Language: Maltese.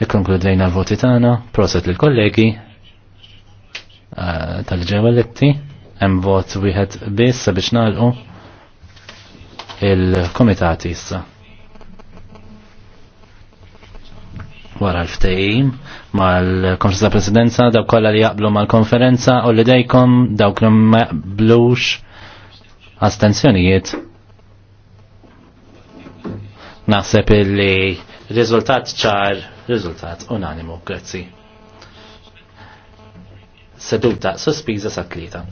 Ikkonkludejna l-voti tagħna, proset lill-kollegi eh, tal-ġewelletti, hemm vot wieħed biss biex nagħlqu il-komitati issa. wara l-ftejim mal-konferenza presidenza daw kollha li jaqblu mal-konferenza u li dejkom dawk li ma jaqblux astenzjonijiet. Naħseb illi Riżultat ċar, riżultat unanimu, grazzi. Seduta sospiża sa'